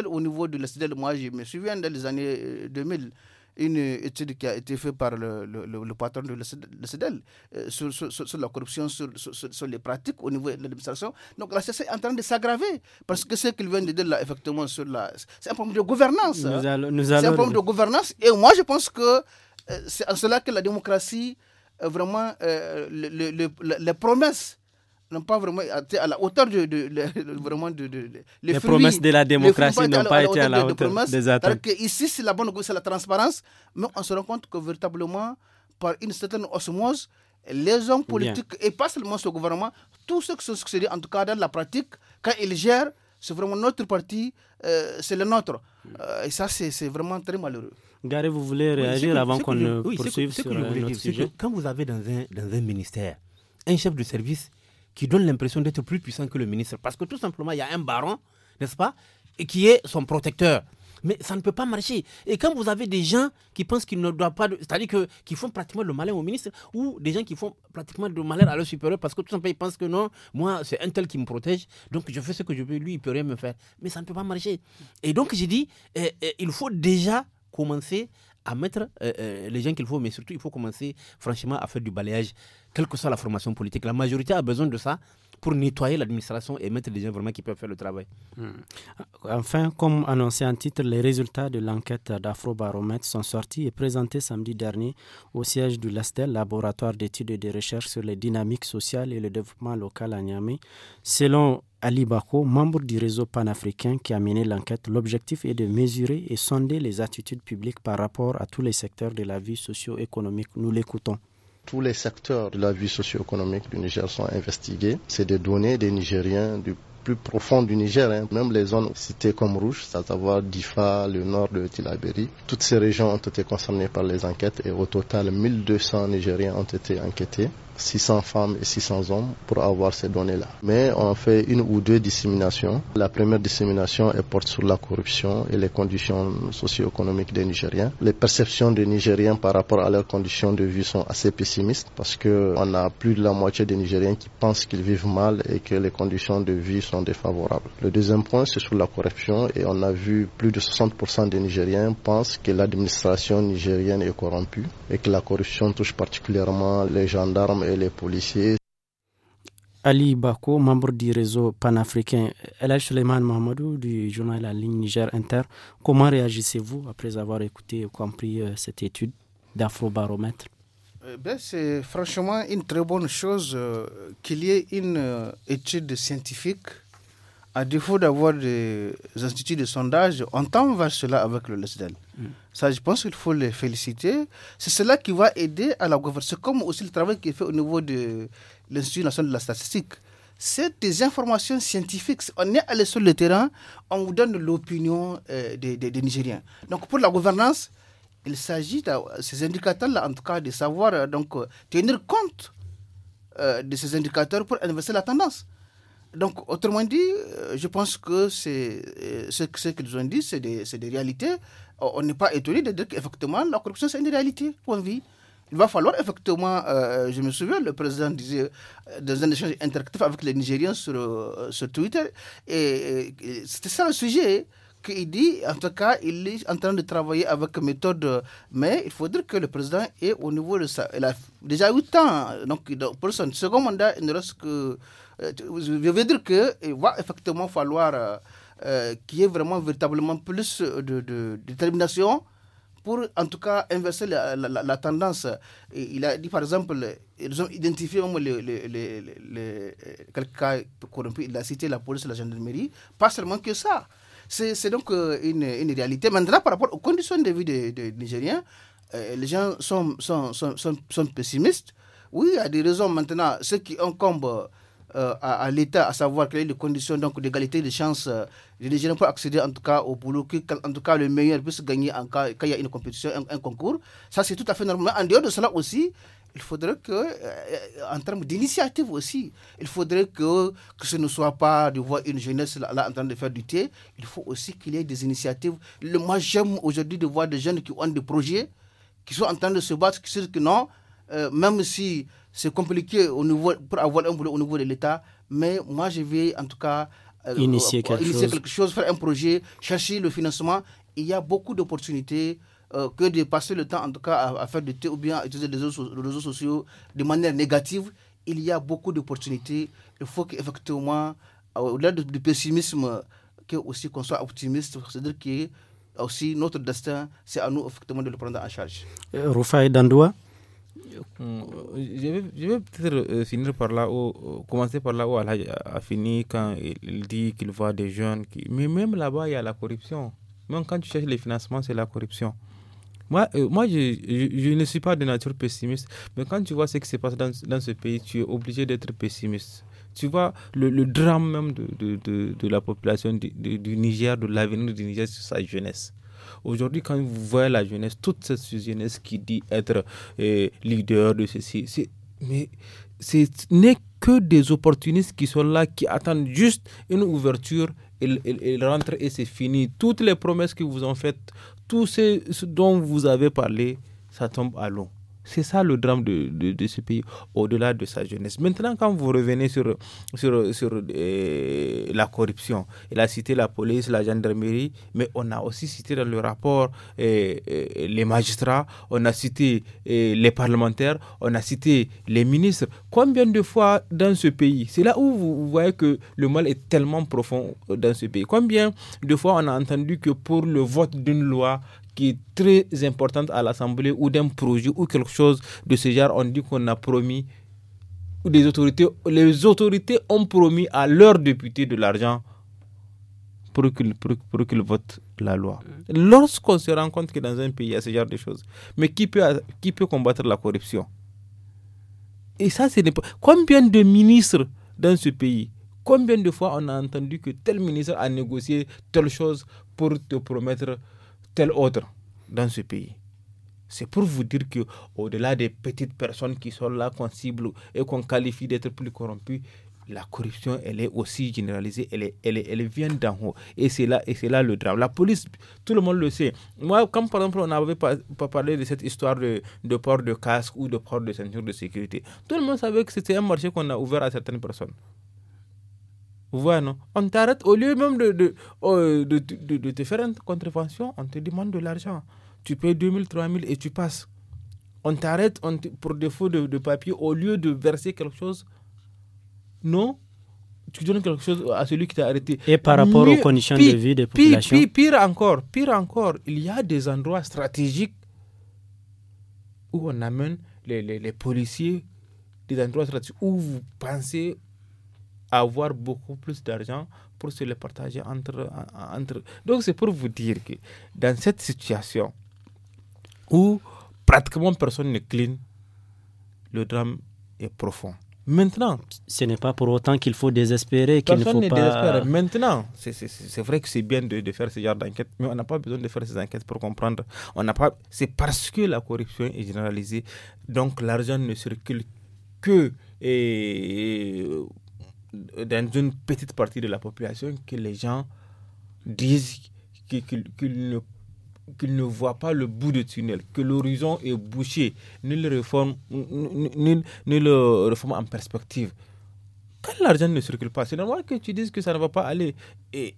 au niveau de l'ACDEL, moi je me souviens dans les années 2000 eh, une étude qui a été faite par le, patron de la eh, sur, la corruption, sur, les pratiques au niveau de l'administration. Donc la c'est en train de s'aggraver parce que ce qu'il vient de dire là, effectivement, sur la... c'est un problème de gouvernance. C'est un problème de gouvernance et moi je pense que eh, c'est en cela que la démocratie euh, vraiment euh, les promesses n'ont pas vraiment été à la hauteur de, vraiment de, les, promesses de la démocratie n'ont pas, été à la hauteur, des, attentes. ici, c'est la bonne c'est la transparence, mais on se rend compte que véritablement, par une certaine osmose, les hommes politiques et pas seulement ce gouvernement, tous ceux qui se succédés, en tout cas dans la pratique, quand ils gèrent, c'est vraiment notre parti, euh, c'est le nôtre. Euh, et ça, c'est vraiment très malheureux. Gare vous voulez réagir avant qu'on ne poursuive sur que notre sujet Quand vous avez dans un, dans un ministère un chef de service qui donne l'impression d'être plus puissant que le ministre, parce que tout simplement, il y a un baron, n'est-ce pas, et qui est son protecteur. Mais ça ne peut pas marcher. Et quand vous avez des gens qui pensent qu'ils ne doivent pas, c'est-à-dire que, qui font pratiquement le malin au ministre, ou des gens qui font pratiquement le malheur à leur supérieur parce que tout simplement ils pensent que non, moi c'est un tel qui me protège, donc je fais ce que je veux, lui il peut rien me faire. Mais ça ne peut pas marcher. Et donc j'ai dit, eh, eh, il faut déjà commencer à mettre euh, euh, les gens qu'il faut, mais surtout il faut commencer franchement à faire du balayage, quelle que soit la formation politique. La majorité a besoin de ça pour nettoyer l'administration et mettre des gens vraiment qui peuvent faire le travail. Hmm. Enfin, comme annoncé en titre, les résultats de l'enquête d'Afrobaromètre sont sortis et présentés samedi dernier au siège du LASTEL, laboratoire d'études et de recherche sur les dynamiques sociales et le développement local à Niamey. Selon Ali Bako, membre du réseau panafricain qui a mené l'enquête, l'objectif est de mesurer et sonder les attitudes publiques par rapport à tous les secteurs de la vie socio-économique. Nous l'écoutons. Tous les secteurs de la vie socio-économique du Niger sont investigués. C'est des données des Nigériens du plus profond du Niger, hein. même les zones citées comme rouges, c'est-à-dire Difa, le nord de Tilaberi. Toutes ces régions ont été concernées par les enquêtes et au total 1200 Nigériens ont été enquêtés. 600 femmes et 600 hommes pour avoir ces données-là. Mais on fait une ou deux disséminations. La première dissémination elle porte sur la corruption et les conditions socio-économiques des Nigériens. Les perceptions des Nigériens par rapport à leurs conditions de vie sont assez pessimistes parce que on a plus de la moitié des Nigériens qui pensent qu'ils vivent mal et que les conditions de vie sont défavorables. Le deuxième point, c'est sur la corruption et on a vu plus de 60% des Nigériens pensent que l'administration nigérienne est corrompue et que la corruption touche particulièrement les gendarmes les policiers. Ali Bako, membre du réseau panafricain El Suleiman Mahmoudou du journal La Ligne Niger Inter, comment réagissez-vous après avoir écouté et compris euh, cette étude d'Afrobaromètre euh, Ben, C'est franchement une très bonne chose euh, qu'il y ait une étude scientifique à défaut d'avoir des instituts de sondage, on tend vers cela avec le LESDEL. Mm. Ça, je pense qu'il faut les féliciter. C'est cela qui va aider à la gouvernance. C'est comme aussi le travail qui est fait au niveau de l'Institut national de la statistique. C'est des informations scientifiques. On est allé sur le terrain, on vous donne l'opinion euh, des, des, Nigériens. Donc pour la gouvernance, il s'agit, de ces indicateurs-là, en tout cas, de savoir euh, donc, euh, tenir compte de ces indicateurs pour inverser la tendance. Donc, autrement dit, euh, je pense que c'est euh, ce, ce qu'ils ont dit, c'est des, des, réalités. Euh, on n'est pas étonné de dire qu'effectivement, la corruption, c'est une réalité qu'on vit. Il va falloir effectivement, je me souviens, le président disait dans un échange interactif avec les Nigériens sur, Twitter, et, c'était ça le sujet qu'il dit, en tout cas, il est en train de travailler avec méthode, mais il faut dire que le président est au niveau de ça. Il a déjà eu temps donc pour son second mandat, il ne reste que je veux dire qu'il va effectivement falloir euh, euh, qu'il y ait vraiment véritablement plus de, détermination pour en tout cas inverser la, la, tendance. il a dit par exemple, ils ont identifié au les, les, les, quelques cas corrompus, il a cité la police, la gendarmerie, pas seulement que ça. C'est donc euh, une, une, réalité. Maintenant, par rapport aux conditions de vie des, Nigériens, euh, les gens sont sont, sont, sont, pessimistes. Oui, il y a des raisons maintenant. ce qui incombe euh, à, l'État, à savoir quelles sont les conditions d'égalité de chances. les euh, jeunes pour accéder en tout cas au boulot, en tout cas le meilleur puisse gagner en cas, quand il y a une compétition, un, concours. Ça, c'est tout à fait normal. En dehors de cela aussi, il faudrait que, euh, en termes d'initiative aussi, il faudrait que, que ce ne soit pas de voir une jeunesse là, en train de faire du thé. Il faut aussi qu'il y ait des initiatives. Le, moi, j'aime aujourd'hui de voir des jeunes qui ont des projets, qui sont en train de se battre, qui se que non, même si c'est compliqué au niveau, pour avoir un boulot au niveau de l'État, mais moi je vais en tout cas euh, initier, quelque, initier chose. quelque, chose. faire un projet, chercher le financement. Il y a beaucoup d'opportunités euh, que de passer le temps en tout cas à, faire du thé ou bien à utiliser les réseaux, sociaux de manière négative. Il y a beaucoup d'opportunités. Il faut qu'effectivement, euh, au-delà du, pessimisme, qu'on soit optimiste, c'est-à-dire que aussi notre destin, c'est à nous effectivement de le prendre en charge. Euh, Rufai Dandoua euh, je vais, peut-être euh, finir par là, euh, commencer par là où Alhaj a fini quand il dit qu'il voit des jeunes. Qui... Mais même là-bas, il y a la corruption. Même quand tu cherches les financements, c'est la corruption. Moi, moi je, ne suis pas de nature pessimiste, mais quand tu vois ce qui se passe dans, dans ce pays, tu es obligé d'être pessimiste. Tu vois le, drame même de, de, de, de la population du, Niger, de l'avenir du Niger sur sa jeunesse. Aujourd'hui, quand vous voyez la jeunesse, toute cette jeunesse qui dit être euh, leader de ceci, c'est, mais ce n'est que des opportunistes qui sont là, qui attendent juste une ouverture. Ils, rentrent et c'est fini. Toutes les promesses que vous en faites, tout ce dont vous avez parlé, ça tombe à l'eau. C'est ça le drame de, ce pays, au-delà de sa jeunesse. Maintenant, quand vous revenez sur, sur, euh, la corruption, il a cité la police, la gendarmerie, mais on a aussi cité dans le rapport euh, euh, les magistrats, on a cité les parlementaires, on a cité les ministres. Combien de fois dans ce pays, c'est là où vous voyez que le mal est tellement profond dans ce pays, combien de fois on a entendu que pour le vote d'une loi, qui est très importante à l'Assemblée ou d'un projet ou quelque chose de ce genre, on dit qu'on a promis, ou des autorités, les autorités ont promis à leurs députés de l'argent pour qu'ils pour, votent la loi. Mm. Lorsqu'on se rend compte que dans un pays, il y a ce genre de choses, mais qui peut, qui peut combattre la corruption Et ça, ce n'est pas... Combien de ministres dans ce pays Combien de fois on a entendu que tel ministre a négocié telle chose pour te promettre tel autre dans ce pays. C'est pour vous dire que au-delà des petites personnes qui sont là qu'on cible et qu'on qualifie d'être plus corrompues, la corruption, elle est aussi généralisée, elle, elle, vient d'en haut. Et c'est là, et c'est là le drame. La police, tout le monde le sait. Moi, comme par exemple on n'avait pas, parlé de cette histoire de, de, port de casque ou de port de ceinture de sécurité, tout le monde savait que c'était un marché qu'on a ouvert à certaines personnes voyez, non On t'arrête, au lieu même oh, de, de, de, de, te faire une contravention, on te demande de l'argent. Tu payes 2000, 3000 et tu passes. On t'arrête pour défaut de, de papier, au lieu de verser quelque chose, non tu donnes quelque chose à celui qui t'a arrêté. Et par rapport aux conditions de vie des populations pire, pire, encore, pire encore, il y a des endroits stratégiques où on amène les, les, les policiers, des endroits stratégiques où vous pensez avoir beaucoup plus d'argent pour se le partager entre, entre. Donc c'est pour vous dire que dans cette situation où pratiquement personne ne clean, le drame est profond. Maintenant. Ce n'est pas pour autant qu'il faut désespérer, qu'il ne faut pas. Maintenant, c'est vrai que c'est bien de, de, faire ce genre d'enquête, mais on n'a pas besoin de faire ces enquêtes pour comprendre. On n'a pas. C'est parce que la corruption est généralisée, donc l'argent ne circule que et dans une petite partie de la population que les gens disent qu'ils ne, ne voient pas le bout du tunnel, que l'horizon est bouché, nulle réforme, ne réforme en perspective. Quand l'argent ne circule pas, c'est normal que tu dises que ça ne va pas aller. Et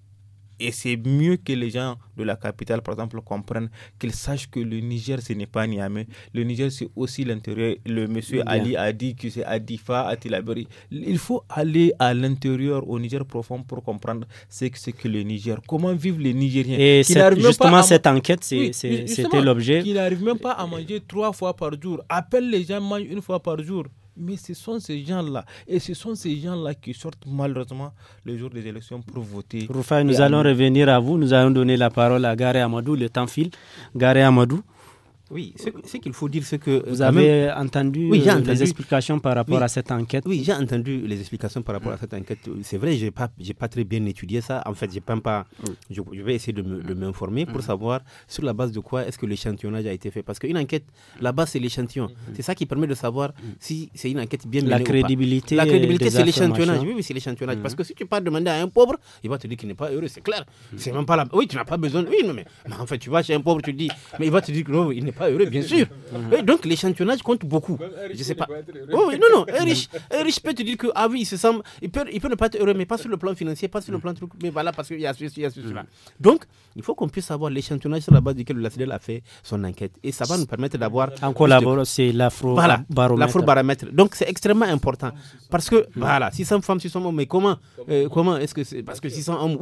et c'est mieux que les gens de la capitale, par exemple, comprennent qu'ils sachent que le Niger, ce n'est pas Niamey. Le Niger, c'est aussi l'intérieur. Le monsieur Ali a dit que c'est Adifa, Atilaberi. Il faut aller à l'intérieur, au Niger profond, pour comprendre ce que c'est que le Niger. Comment vivent les Nigériens. Et justement, cette enquête, c'était l'objet. Il n'arrive même pas à manger trois fois par jour. Appelle les gens, mangent une fois par jour. Mais ce sont ces gens-là. Et ce sont ces gens-là qui sortent malheureusement le jour des élections pour voter. Roufaï, nous allons revenir à vous. Nous allons donner la parole à Gare Amadou. Le temps file. Garé Amadou, oui, c'est qu'il faut dire ce que... Vous euh, avez euh, entendu, les explications par rapport à cette enquête Oui, j'ai entendu les explications par rapport à mm. cette enquête. C'est vrai, je n'ai pas, pas très bien étudié ça. En fait, je, pas, je, vais essayer de m'informer pour mm. savoir sur la base de quoi est-ce que l'échantillonnage a été fait. Parce qu'une enquête, la base, c'est l'échantillon. Mm. C'est ça qui permet de savoir si c'est une enquête bien menée La crédibilité. La crédibilité, c'est l'échantillonnage. Oui, oui c'est l'échantillonnage. Parce que si tu pars demander à un pauvre, il va te dire qu'il n'est pas heureux, c'est clair. C'est pas Oui, tu n'as pas besoin... Oui, mais, en fait, tu vas chez un pauvre, tu dis... Mais il va te dire que non, il n'est heureux, bien sûr. Mhm. et donc l'échantillonnage compte beaucoup. Je sais pas. Oh, non, non, un riche, peut te dire que, ah oui, il, se il, peut, ne pas être heureux, mais pas sur le plan financier, pas sur le mm. plan truc, mais voilà, parce qu'il y a ceci, il y a ceci, mm. Donc, il faut qu'on puisse avoir l'échantillonnage sur la base duquel la CDL a fait son enquête. Et ça va nous permettre d'avoir. En collaborant, c'est l'afro-baromètre. Donc, c'est extrêmement important. Parce que, mm. voilà, si femmes, 600 hommes, mais comment, euh, comment est-ce que c'est. Parce que 600 hommes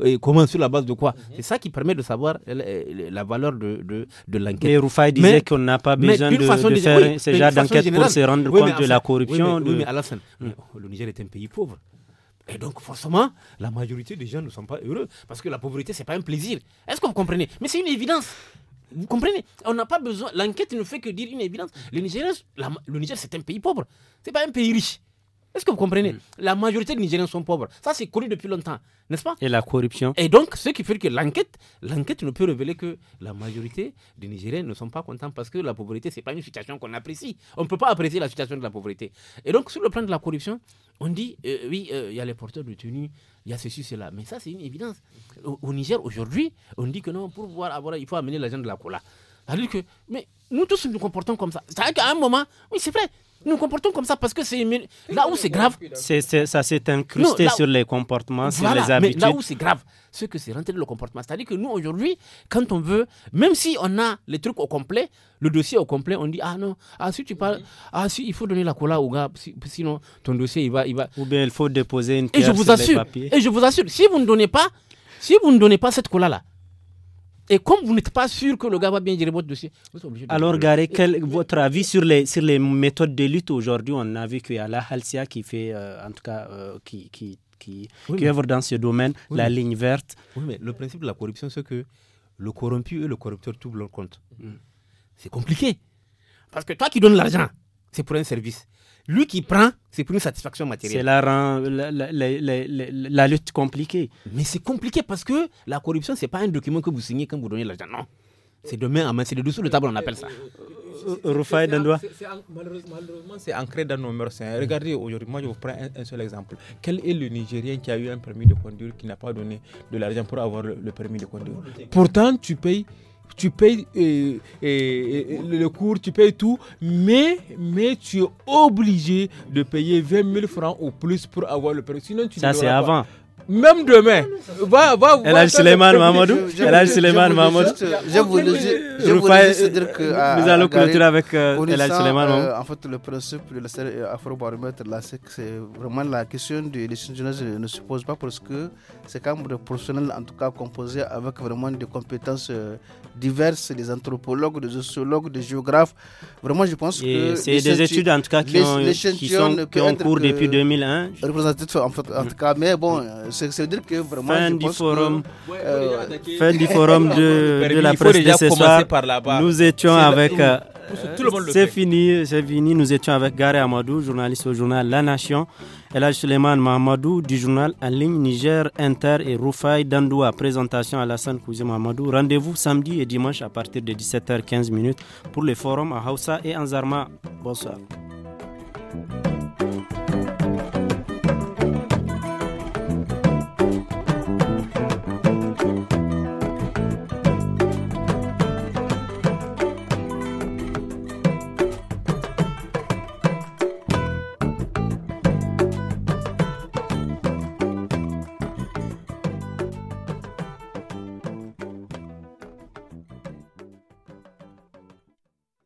où Et comment, sur la base de quoi mm-hmm. C'est ça qui permet de savoir euh, la, valeur de, de, de l'enquête disait qu'on n'a pas besoin de, faire ces ce genre d'enquête pour se rendre compte de la corruption. de... Hmm. le Niger est un pays pauvre. Et donc, forcément, la majorité des gens ne sont pas heureux parce que la pauvreté, c'est pas un plaisir. Est-ce que vous comprenez Mais c'est une évidence. Vous comprenez On n'a pas besoin. L'enquête ne fait que dire une évidence. Le Niger, le Niger c'est un pays pauvre. C'est pas un pays riche. Est-ce que vous comprenez La majorité des Nigériens sont pauvres. Ça, c'est connu depuis longtemps, n'est-ce pas Et la corruption. Et donc, ce qui fait que l'enquête, l'enquête ne peut révéler que la majorité des Nigériens ne sont pas contents parce que la pauvreté, ce n'est pas une situation qu'on apprécie. On ne peut pas apprécier la situation de la pauvreté. Et donc, sur le plan de la corruption, on dit, euh, oui, euh, il y a les porteurs de tenue, il y a ceci, cela. Mais ça, c'est une évidence. Au, Niger, aujourd'hui, on dit que non, pour pouvoir avoir, il faut amener l'argent de la cola. Alors que, mais nous tous nous comportons comme ça. cest vrai qu'à un moment, oui, c'est vrai. Nous comportons comme ça parce que c'est là où c'est grave. ça s'est incrusté sur les comportements, sur les habitudes. là où c'est grave, c'est que c'est rentré dans le comportement. C'est-à-dire que nous, aujourd'hui, quand on veut, même si on a les trucs au complet, le dossier au complet, on dit Ah non, ah si tu parles, ah si, il faut donner la cola au gars, sinon ton dossier, il va. Il va... Ou bien il faut déposer une pierre et je vous assure, Et je vous assure, si vous ne donnez pas, si vous ne donnez pas cette cola-là, et comme vous n'êtes pas sûr que le gars va bien gérer votre dossier, vous êtes obligé de Alors, Garé, quel votre avis sur les, sur les méthodes de lutte aujourd'hui On a vu qu'il y a la Halcia qui fait, euh, en tout cas, euh, qui, qui, qui, dans ce domaine, la ligne verte. Oui, mais le principe de la corruption, c'est que le corrompu et le corrupteur tout leur compte. Mm. C'est compliqué. Parce que toi qui donnes l'argent, c'est pour un service lui qui prend, c'est pour une satisfaction matérielle. C'est la, la, la, la, lutte compliquée. Mais c'est compliqué parce que la corruption, ce n'est pas un document que vous signez quand vous donnez l'argent. Non. C'est de main en main, c'est de dessous le table, on appelle ça. Euh, euh, Rufai Malheureusement, c'est ancré dans nos mœurs. Hein. Regardez, aujourd'hui, moi, je vous prends un, seul exemple. Quel est le Nigérien qui a eu un permis de conduire qui n'a pas donné de l'argent pour avoir le, permis de conduire Pourtant, tu payes tu payes euh, euh, euh, le cours, tu payes tout, mais, mais tu es obligé de payer 20 000 francs ou plus pour avoir le permis. Sinon, tu ça, c'est avant même demain, va, va El Suleiman Mahmoud, El Suleiman Mahmoud. Je voulais juste dire que. Nous allons clôturer avec euh, El Suleiman Mahmoud. Euh, en fait, le principe de la là c'est vraiment la question de l'échangeuse ne se pose pas parce que c'est quand même des professionnels, en tout cas composés avec vraiment des compétences euh, diverses, des anthropologues, des sociologues, des géographes. Vraiment, je pense que. C'est des études, en tout cas, qui, ont, sont, en cours depuis 2001. en mm. tout cas, mais bon, c'est dire que vraiment. Fin du forum. Euh, fin du forum de, la presse de ce soir. Nous étions avec. Euh, c'est fini, c'est fini. Nous étions avec Gary Amadou, journaliste au journal La Nation. là, Suleiman Mahamadou du journal en ligne Niger Inter et Roufaï Dandoua. Présentation à la scène. Kouzi Mahamadou. Rendez-vous samedi et dimanche à partir de 17h15 pour le forum à Hausa et Anzarma Bonsoir.